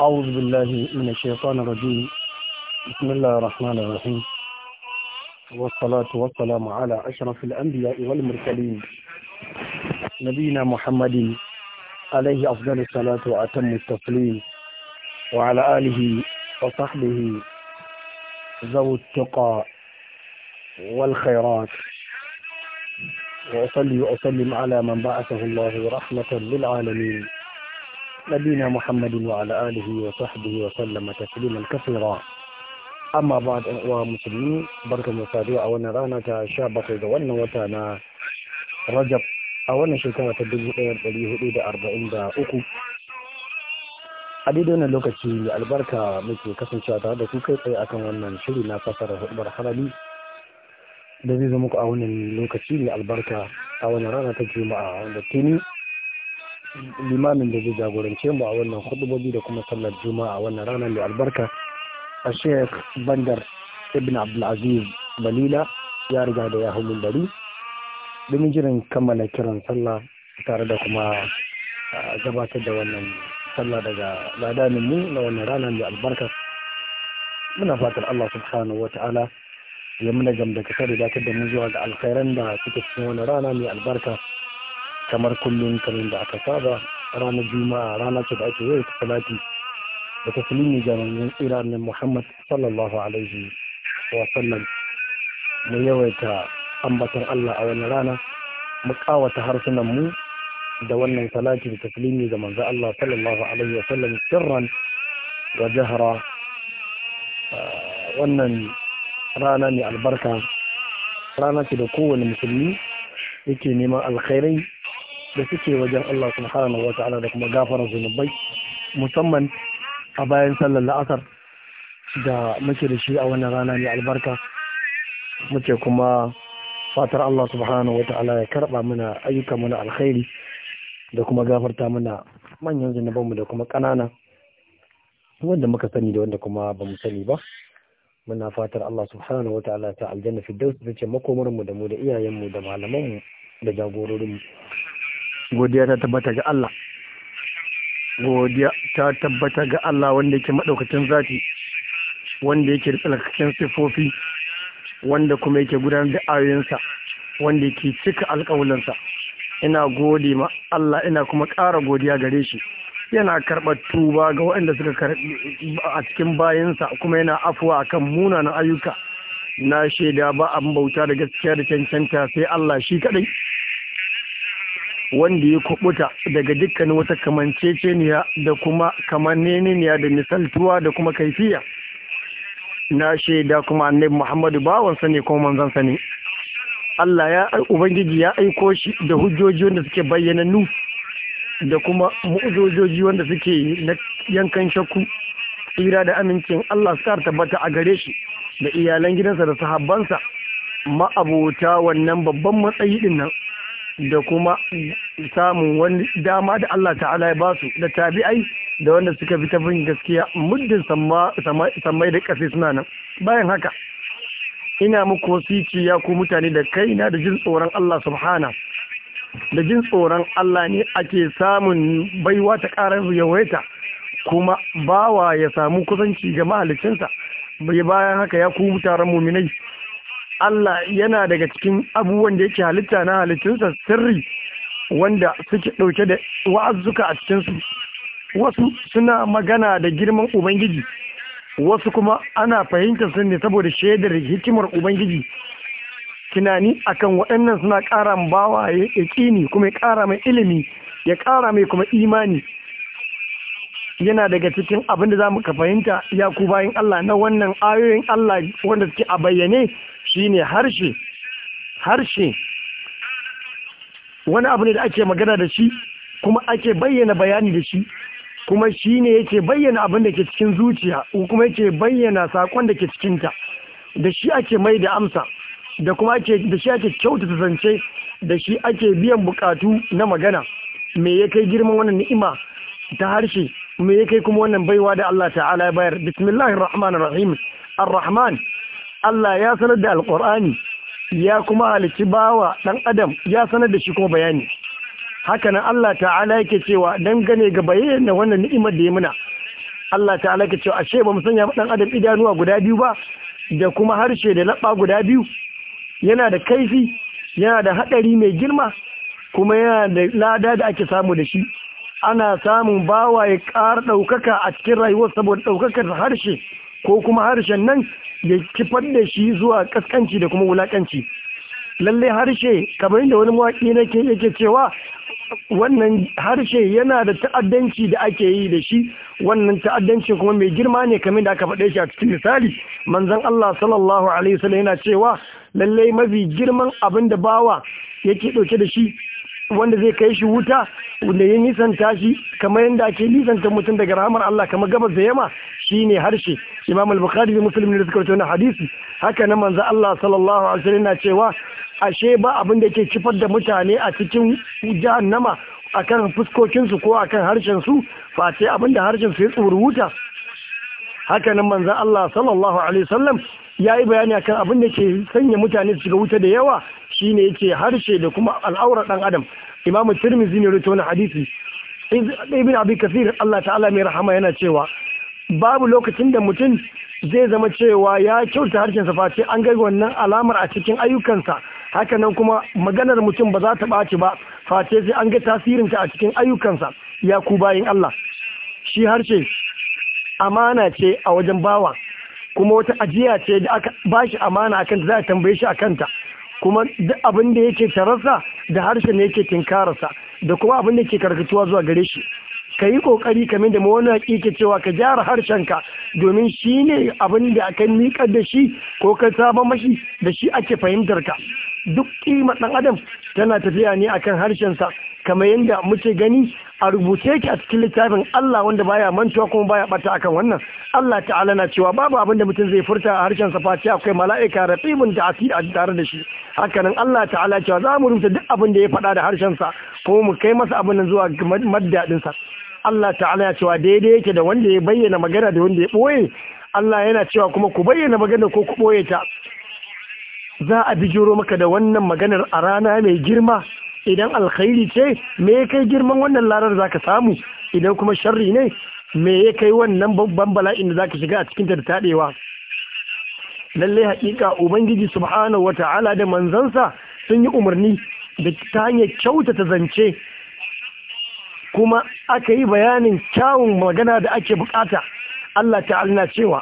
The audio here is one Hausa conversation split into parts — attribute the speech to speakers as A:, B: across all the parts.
A: أعوذ بالله من الشيطان الرجيم بسم الله الرحمن الرحيم والصلاة والسلام على أشرف الأنبياء والمرسلين نبينا محمد عليه أفضل الصلاة وأتم التسليم وعلى آله وصحبه ذو التقى والخيرات وأصلي وأسلم على من بعثه الله رحمة للعالمين نبينا محمد وعلى آله وصحبه وسلم تسليما كثيرا amma ba da uwa musulmi barka mu saduwa a wannan rana ta sha bakwai ga wannan wata na rajab a wannan shekara ta dubu ɗaya ɗari hudu da arba'in da uku a daidai wannan lokaci albarka muke kasancewa tare da ku kai tsaye akan wannan shiri na fasara hudubar harali da zai zama ku a wannan lokaci ne albarka a wannan rana ta juma'a wanda limamin da zai jagorance mu a wannan hudubobi da kuma sallar juma'a a wannan rana mai albarka a sheikh bandar ibn abdulaziz balila ya riga da ya hau bari domin jiran kammala kiran sallah tare da kuma gabatar da wannan sallah daga ladanin mu na wannan rana mai albarka muna fatar allah subhanahu wa ta'ala ya muna gamdakatar da da mu zuwa ga alkhairan da suke cikin wannan rana mai albarka kamar kullun kamar da aka saba ranar juma'a rana ce da ake yau salati da ta ga manzon tsira ne Muhammad sallallahu alaihi wa sallam mu yawaita ambaton Allah a wani rana mu kawata harsunan mu da wannan salati da taslimi ga manzon Allah sallallahu alaihi wa sallam sirran wa jahra wannan rana ne albarka rana ce da kowane musulmi yake neman alkhairai da suke wajen Allah subhanahu wata'ala da kuma gafarar zunubai musamman a bayan sallar la'asar da muke da shi a wannan rana mai albarka muke kuma fatar Allah subhanahu wata'ala ya karba mana ayyuka mana alkhairi da kuma gafarta mana manyan mu da kuma ƙanana wanda muka sani da wanda kuma ba mu sani ba muna fatar Allah subhanahu wata'ala ta aljanna fi daus da ce makomarmu da mu da iyayenmu da malamanmu da jagororinmu godiya ta tabbata ga Allah godiya ta tabbata ga Allah wanda yake madaukakin zati wanda yake tsalkakin sifofi wanda kuma yake gudanar da ayoyinsa wanda yake cika alƙawulansa ina gode ma Allah ina kuma ƙara godiya gare shi yana karɓar tuba ga waɗanda suka karɓi a cikin bayansa kuma yana afuwa a kan munanan ayyuka na shaida ba abin bauta da gaskiya da cancanta sai Allah shi kaɗai wanda ya kubuta daga dukkan wata kamanceceniya da kuma kamanneniya da misaltuwa da kuma kaifiya na shaida kuma annabi Muhammadu bawansa ne kuma sa ne Allah ya ubangiji ya aiko shi da hujjoji wanda suke bayyananu da kuma mu'ujojoji wanda suke na yankan shakku tsira da amincin Allah su tabbata a gare shi da iyalan gidansa da sahabbansa ma'abota wannan babban matsayi din da kuma samun wani dama da Allah ta'ala ya basu da tabi'ai da wanda suka fi tafin gaskiya muddin samai da ƙasai suna nan bayan haka ina muku wasici ya ku mutane da kaina da jin tsoron Allah subhana da jin tsoron Allah ne ake samun baiwa ta ƙarar yawaita kuma bawa ya samu kusanci ga mahalicinsa bayan haka ya ku mutaren muminai Allah yana daga cikin abubuwan da yake halitta na halittunsa sirri wanda suke ɗauke da wa'azuka a cikinsu wasu suna magana da girman ubangiji wasu kuma ana fahimtar su ne saboda shaidar hikimar ubangiji tunani a kan waɗannan suna ƙara bawa ya ne kuma ya ƙara mai ilimi ya ƙara mai kuma imani yana daga cikin abin da za mu ka fahimta ya ku bayan Allah na wannan ayoyin Allah wanda suke a bayyane shine harshe harshe wani abu ne da ake magana da shi kuma ake bayyana bayani da shi kuma shi ne yake bayyana abin da ke cikin zuciya kuma yake bayyana sakon da ke cikinta da shi ake mai da amsa da kuma ake da shi ake kyautata zance da shi ake biyan bukatu na magana me ya kai girman wannan ni'ima ta harshe me ya kai kuma wannan baiwa da Allah ta'ala ya bayar bismillahir rahmanir rahim ar-rahman Allah ya sanar da alƙur'ani ya kuma halici bawa ɗan adam ya sanar da shi kuma bayani hakanan Allah ta'ala yake cewa dangane ga bayyana wannan ni'imar da ya muna Allah ta'ala yake cewa ashe ba mu sanya ɗan adam idanuwa guda biyu ba da kuma harshe da laɓa guda biyu yana da kaifi yana da haɗari mai girma kuma yana da lada da ake samu da shi ana samun bawa ya ƙara ɗaukaka a cikin rayuwar saboda ɗaukakar harshe ko kuma harshen nan da kifar da shi zuwa kaskanci da kuma wulakanci lalle harshe kamar da wani mawaƙi ke yake cewa wannan harshe yana da ta'addanci da ake yi da shi wannan ta'addanci kuma mai girma ne kamar da aka faɗe shi a cikin misali manzon Allah sallallahu alaihi wasallam yana cewa lalle mafi girman abin da bawa yake ɗauke da shi wanda zai kai shi wuta da ya nisanta shi kamar yadda ake nisanta mutum daga rahamar Allah kamar gabas da yamma shine harshe Imam al-Bukhari da Muslim ne suka rawaito hadisi haka na manzo Allah sallallahu alaihi wasallam yana cewa ashe ba abin da ke cifar da mutane a cikin jahannama akan fuskokinsu ko akan harshen su face abin da harshen su ya tsuru wuta haka nan manzo Allah sallallahu alaihi wasallam ya yi bayani akan abin da ke sanya mutane su shiga wuta da yawa shine yace harshe da kuma al'aurar ɗan adam imam tirmizi ne rawaito wannan hadisi ibn abi kasir Allah ta'ala mai rahama yana cewa babu lokacin da mutum zai zama cewa ya kyauta harshen sa face an ga wannan alamar a cikin ayyukansa hakanan kuma maganar mutum ba za ta ɓaci ba face sai an ga tasirinta a cikin ayyukansa ya ku bayin Allah shi harshe amana ce a wajen bawa kuma wata ajiya ce da aka shi amana akan za a tambaye shi a kanta, kuma duk abin da yake tararsa da harshen yake tinkararsa da kuma abin da ke karkatuwa zuwa gare shi ka yi kokari kamar da mawana ke cewa ka gyara harshenka domin shi ne abin da aka miƙar da shi ko ka saba mashi da shi ake fahimtar ka duk ƙimar ɗan adam tana tafiya ne akan sa. kamar yadda muke gani a rubuce yake a cikin littafin Allah wanda baya mantuwa kuma baya bata akan wannan Allah ta'ala na cewa babu abin da mutum zai furta a harshen face akwai mala'ika raqibun da asiri a tare da shi hakanan Allah ta'ala cewa za mu rubuta duk abin da ya faɗa da harshen sa kuma mu kai masa abin nan zuwa maddadin sa Allah ta'ala ya cewa daidai yake da wanda ya bayyana magana da wanda ya boye Allah yana cewa kuma ku bayyana magana ko ku boye ta za a bijiro maka da wannan maganar a rana mai girma idan alkhairi ce me ya kai girman wannan larar zaka samu idan kuma sharri ne me ya kai wannan babban bala'in da zaka shiga a cikin da taɗewa? Lallai haƙiƙa ubangiji subhanahu wata'ala da manzansa sun yi umarni da ta hanyar kyauta ta zance kuma aka yi bayanin kyawun magana da ake bukata Allah ta'ala na cewa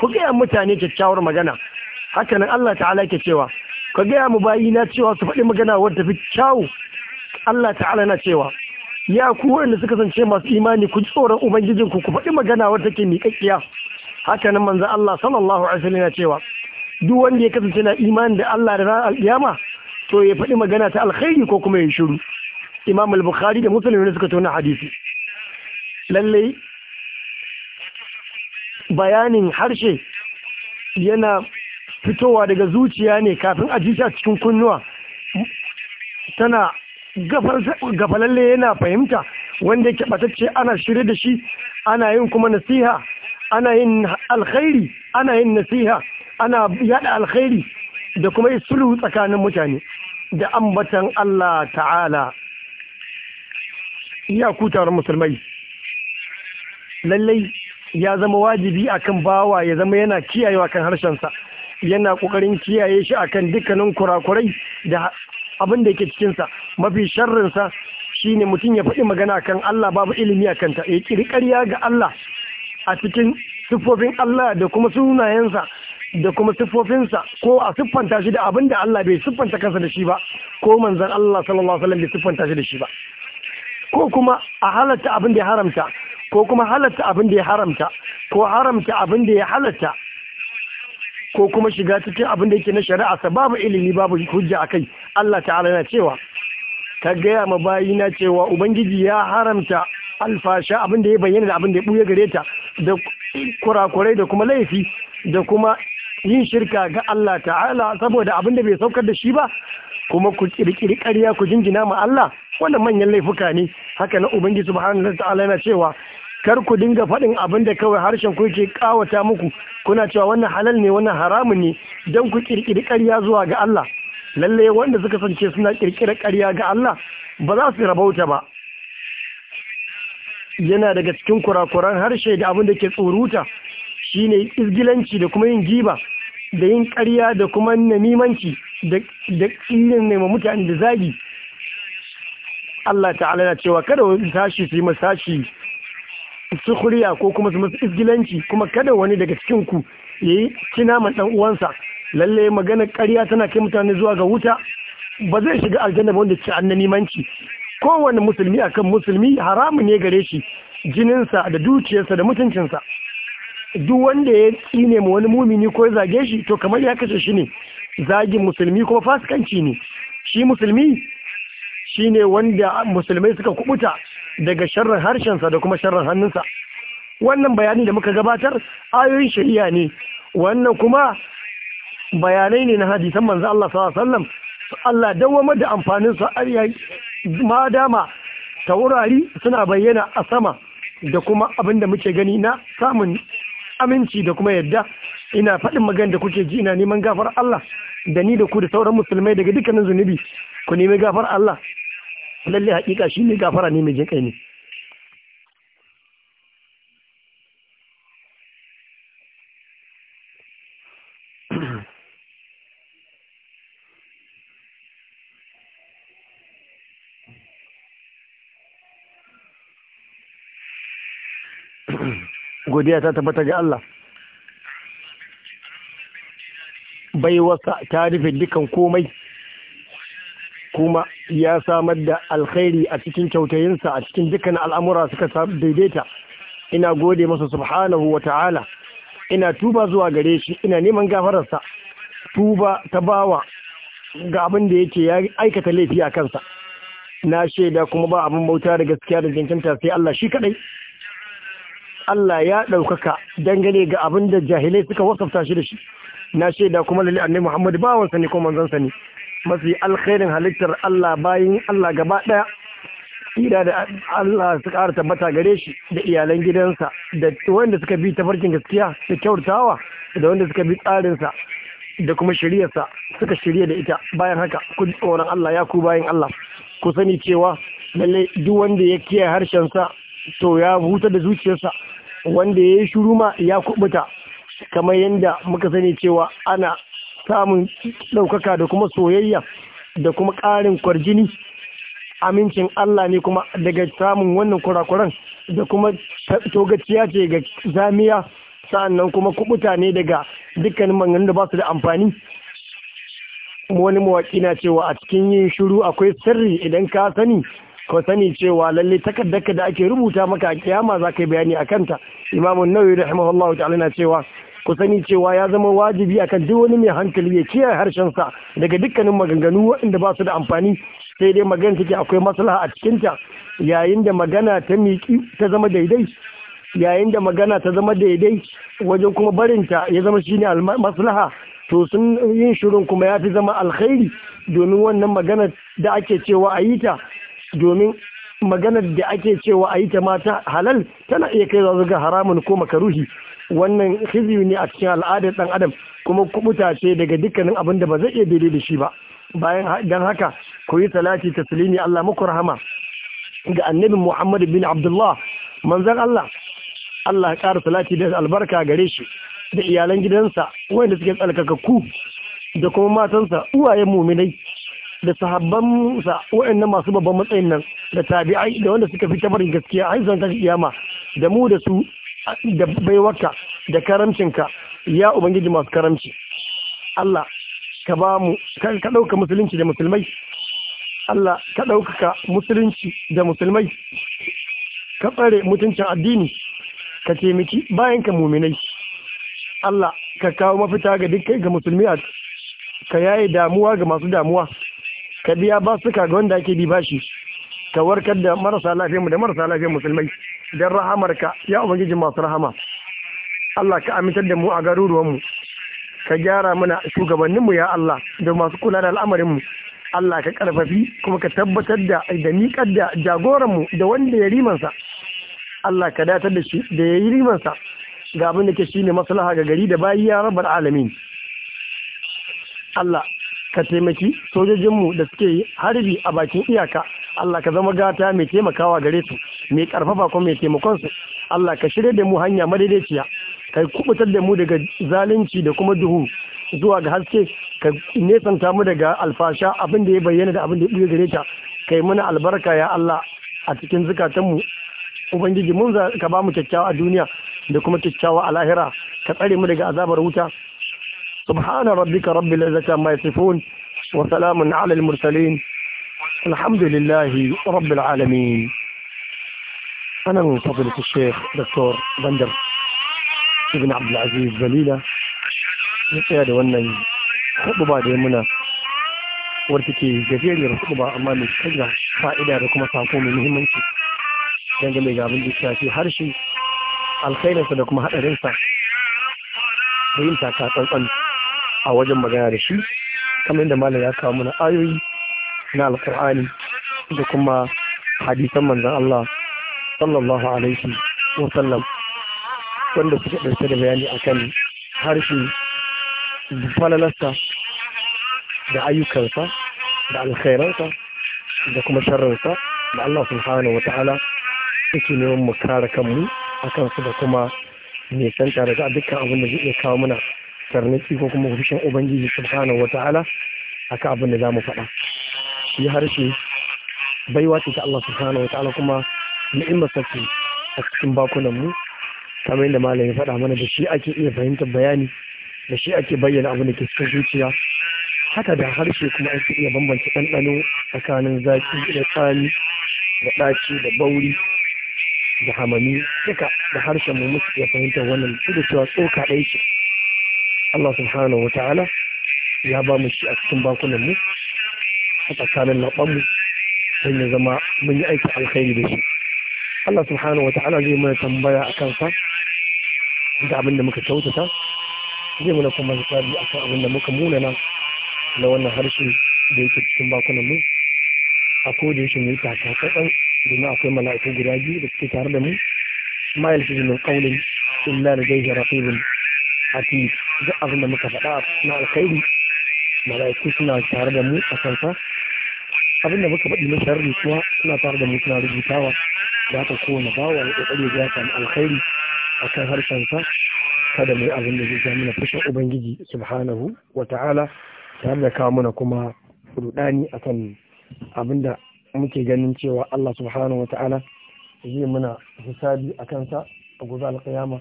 A: ku gaya mutane kyakkyawar magana hakanan Allah ta'ala ke cewa ka gaya mu bayi na cewa su faɗi magana wadda fi kyawu Allah ta'ala na cewa ya ku wanda suka zance masu imani ku tsoron ubangijin ku ku faɗi magana wadda ke miƙaƙƙiya haka nan manzo Allah sallallahu alaihi wasallam na cewa duk wanda ya kasance na imani da Allah da ranar alƙiyama to ya faɗi magana ta alkhairi ko kuma ya shiru Imam al-Bukhari da Muslim ne suka tona hadisi lallai bayanin harshe yana fitowa daga zuciya ne kafin a jisha cikin kunnuwa tana gafalalle yana fahimta wanda yake batacce ana shirye da shi ana yin kuma nasiha ana yin alkhairi ana yin nasiha ana yada alkhairi da kuma sulhu tsakanin mutane da ambatan Allah ta'ala ya ku musulmai lallai ya zama wajibi akan bawa ya zama yana kiyayewa kan harshensa yana kokarin kiyaye shi akan dukkanin kurakurai da abin da yake cikinsa mafi sharrinsa shine mutum ya faɗi magana kan Allah babu ilimi a kanta ya ƙiri ƙarya ga Allah a cikin siffofin Allah da kuma sunayensa da kuma siffofinsa ko a siffanta shi da abin da Allah bai siffanta kansa da shi ba ko manzan Allah sallallahu alaihi bai siffanta shi da shi ba ko kuma a halatta abin da ya haramta ko kuma halatta abin da ya haramta ko haramta abin da ya halatta ko kuma shiga cikin abin da yake na shari'a sa babu ilimi babu hujja a kai. Allah ta'ala yana cewa ka gaya ma bayina cewa ubangiji ya haramta alfasha abin da ya bayyana da abin da ya buya gare ta da kurakurai da kuma laifi da kuma yin shirka ga Allah ta'ala saboda abin da bai saukar da shi ba kuma ku kirkiri ƙarya ku jinjina ma Allah wannan manyan laifuka ne haka na ubangiji subhanahu wa ta'ala yana cewa kar ku dinga faɗin abin da kawai harshen ku yake ƙawata muku kuna cewa wannan halal ne wannan haramun ne don ku ƙirƙiri ƙarya zuwa ga Allah lalle wanda suka sance suna ƙirƙirar ƙarya ga Allah ba za su rabauta ba yana daga cikin kurakuran harshe da abin da ke tsuruta shine izgilanci da kuma yin giba da yin ƙarya da kuma namimanci da yin nema mutane da zagi Allah ta'ala na cewa kada wani tashi su yi masashi sukhriya ko kuma su musu izgilanci kuma kada wani daga cikin ku yi cina ma dan uwansa lalle magana ƙarya tana kai mutane zuwa ga wuta ba zai shiga aljanna ba wanda ci annani manci kowane musulmi akan musulmi haramu ne gare shi jininsa da dukiyarsa da mutuncinsa duk wanda ya tsine ma wani mumini ko ya zage shi to kamar ya kashe shi ne zagin musulmi kuma fasikanci ne shi musulmi shine wanda musulmai suka kubuta daga sharrin harshensa da kuma sharrin hannunsa wannan bayanin da muka gabatar ayoyin shari'a ne wannan kuma bayanai ne na hadisan manzo Allah sallallahu alaihi Allah dawwamar da amfanin su ma dama taurari suna bayyana a sama da kuma abin da muke gani na samun aminci da kuma yadda ina faɗin magan da kuke ji ina neman gafar Allah da ni da ku da sauran musulmai daga dukkanin zunubi ku nemi gafar Allah lalle hakika shi ne gafara ne mai jinkai ne godiya ta tabbata ga Allah wasa ta rufe dukan komai kuma ya samar da alkhairi a cikin kyautayinsa a cikin dukkan al'amura suka daidaita ina gode masa subhanahu wa ta'ala ina tuba zuwa gare shi ina neman gafararsa tuba ta bawa ga abin da yake ya aikata laifi a kansa na shaida kuma ba abin bauta da gaskiya da jinkinta sai Allah shi kadai Allah ya ɗaukaka dangane ga abin da jahilai suka wasafta shi da shi na shaida kuma lalle annabi Muhammad bawansa ne ko manzon ne mafi alkhairin halittar Allah bayan Allah gaba ɗaya ira da Allah su ƙara tabbata gare shi da iyalan gidansa da wanda suka bi tafarkin gaskiya da kyautawa da wanda suka bi tsarinsa da kuma shiryarsa suka shirya da ita bayan haka ku tsoron Allah ya ku bayan Allah ku sani cewa lalle duk wanda ya kiyaye harshensa to ya huta da zuciyarsa wanda ya yi shuru ma ya kubuta kamar yadda muka sani cewa ana samun ɗaukaka da kuma soyayya da kuma ƙarin kwarjini amincin Allah ne kuma daga samun wannan kurakuran da kuma togaciya ce ga zamiya sa'annan kuma kubuta ne daga dukkanin manganin da ba su da amfani wani mawaƙi na cewa a cikin yin shiru akwai sirri idan ka sani ko sani cewa lalle takardar da ake rubuta maka a kiyama za ka yi bayani a kanta imamun da rahimahullahu ta'ala na cewa ku sani cewa ya zama wajibi akan duk wani mai hankali ya kiyaye harshensa daga dukkanin maganganu waɗanda ba su da amfani sai dai magana take akwai maslaha a cikinta yayin da magana ta miƙi ta zama daidai yayin da magana ta zama daidai wajen kuma barinta ya zama shine maslaha to sun yin shirin kuma ya fi zama alkhairi domin wannan magana da ake cewa a yi ta domin maganar da ake cewa a yi ta mata halal tana iya kai zuwa ga haramun ko makaruhi wannan khiziyu ne a cikin al'adar dan adam kuma kubuta ce daga dukkanin abin da ba zai iya daidai da shi ba bayan dan haka ku yi salati taslimi Allah muku rahama ga annabi Muhammad bin Abdullah manzon Allah Allah ya ƙara salati da albarka gare shi da iyalan gidansa wanda suke tsalkakakku da kuma matansa uwayen muminai da sahabbansa na masu babban matsayin nan da tabi'ai da wanda suka fi tabarin gaskiya har zan tashi kiyama da mu da su da baiwarka da karamcinka ya ubangiji masu karamci Allah ka ba mu ka ɗauka musulunci da musulmai Allah ka ɗaukaka musulunci da musulmai ka tsare mutuncin addini ka taimaki bayan ka muminai Allah ka kawo mafita ga dukkan ga musulmi ka yaye damuwa ga masu damuwa ka biya basuka ga wanda ake bi bashi ka warkar da marasa lafiyar mu da marasa lafiyar musulmai don rahamarka ya ubangiji masu rahama Allah ka amintar da mu a garuruwan mu. ka gyara mana shugabanninmu ya Allah da masu kula da al'amarinmu Allah ka karfafi kuma ka tabbatar da da miƙar da jagoranmu da wanda ya rimansa Allah ka datar da shi da ya yi rimansa ga abin da ke shi ne maslaha ga gari da bayi ya rabar alamin Allah ka taimaki sojojinmu da suke harbi a bakin iyaka Allah ka zama gata mai taimakawa gare su mai karfafa ko mai taimakon su Allah ka shirya da mu hanya madaidaiciya ka kubutar da mu daga zalunci da kuma duhu zuwa ga haske ka nesanta mu daga alfasha abin da ya bayyana da abin da ya buya gare ta kai mana albarka ya Allah a cikin zukatanmu ubangiji mun ka ba mu kyakkyawa a duniya da kuma kyakkyawa a lahira ka tsare mu daga azabar wuta subhana rabbika rabbi izzati amma yasifun wa salamun ala al mursalin alhamdulillahi rabbil أنا من فضلة da, دكتور بندر ابن عبد العزيز بليلة da ونن خطبة دي منا wartake gajeriyar ba amma mai kanya fa'ida da kuma sako mai muhimmanci dangane ga abin da shafi harshe alkhairinsa da kuma haɗarinsa da yin taka tsantsan a wajen magana da shi kamar yadda malam ya kawo mana ayoyi na alkur'ani da kuma hadisan manzon Allah sallallahu alaihi wa sallam wanda suka ɗauke da bayani akan harshe falalarsa da ayyukansa da alkhairansa da kuma sharrinsa da Allah subhanahu wata'ala yake neman mu kare kanmu a kansu da kuma san tare daga dukkan abin da zai iya kawo mana tarnaki ko kuma hushin ubangiji subhanahu wata'ala aka abin da za mu faɗa shi harshe baiwa ce ta Allah subhanahu wata'ala kuma ni'imar sarki a cikin bakunan mu kamar yadda malam ya faɗa mana da shi ake iya fahimtar bayani da shi ake bayyana abin da ke cikin zuciya haka da harshe kuma ake iya bambance ɗanɗano tsakanin zaki da tsami da ɗaci da bauri da hamami duka da harshen mu musu iya fahimtar wannan duk da cewa tsoka ɗaya ce Allah subhanahu wata'ala ya ba mu shi a cikin bakunan mu a tsakanin laɓan don ya zama mun yi aikin alkhairi da shi Allah subhanahu wata'ala zai mana tambaya a kansa da abin da muka kyautata zai mana kuma a kan abin da muka munana na wannan harshe da yake cikin bakunan mu a koda yake mai taka tsatsan domin akwai mala'iku guda biyu da suke tare da mu ma yalfizu min qawlin illa ladayhi raqibun atid duk abin da muka faɗa na alkhairi mala'iku suna tare da mu a kansa abin da muka faɗi na sharri kuma suna tare da mu suna rubutawa da ka kowane bawa ya kokari ya samu alkhairi akan harshen sa kada mu yi abin da zai sa mana fushin ubangiji subhanahu wa ta'ala ta da kawo mana kuma rudani kan abin da muke ganin cewa Allah subhanahu wa ta'ala zai muna hisabi a kansa a gobe alƙiyama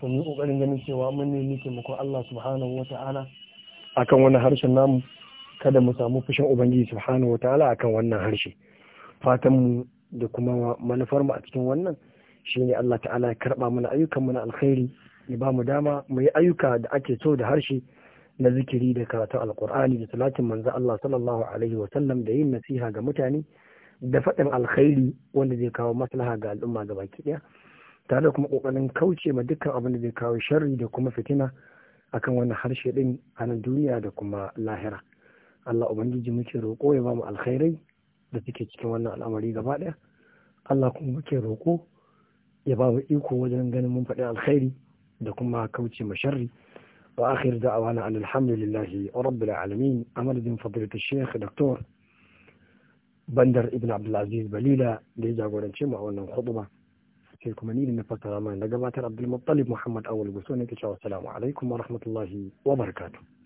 A: to mu kokarin ganin cewa mun muke taimakon Allah subhanahu wa ta'ala kan wannan harshen namu kada mu samu fushin ubangiji subhanahu wa ta'ala akan wannan harshe fatan mu da kuma manufar mu a cikin wannan Shi ne Allah ta'ala ya karɓa mana ayyukan mu na alkhairi ya ba mu dama mu yi ayyuka da ake so da harshe na zikiri da karatun alkur'ani da salatin manzo Allah sallallahu alaihi wa sallam da yin nasiha ga mutane da faɗin alkhairi wanda zai kawo maslaha ga al'umma ga baki ɗaya tare da kuma ƙoƙarin kauce ma dukkan abin da zai kawo sharri da kuma fitina akan wannan harshe ɗin a nan duniya da kuma lahira Allah ubangiji muke roƙo ya ba mu alkhairai da suke cikin wannan al'amari gaba ɗaya Allah kuma muke roƙo ya ba mu iko wajen ganin mun faɗi alkhairi da kuma kauce ma sharri wa akhir da'awana wa rabbil alamin amadin fadilatu shaykh doktor bandar ibn abdulaziz balila da ya jagorance mu a wannan khutba sai kuma ni na fassara mana na gabatar abdul muttalib muhammad awal guso ne ke cewa assalamu alaikum wa rahmatullahi wa barakatuh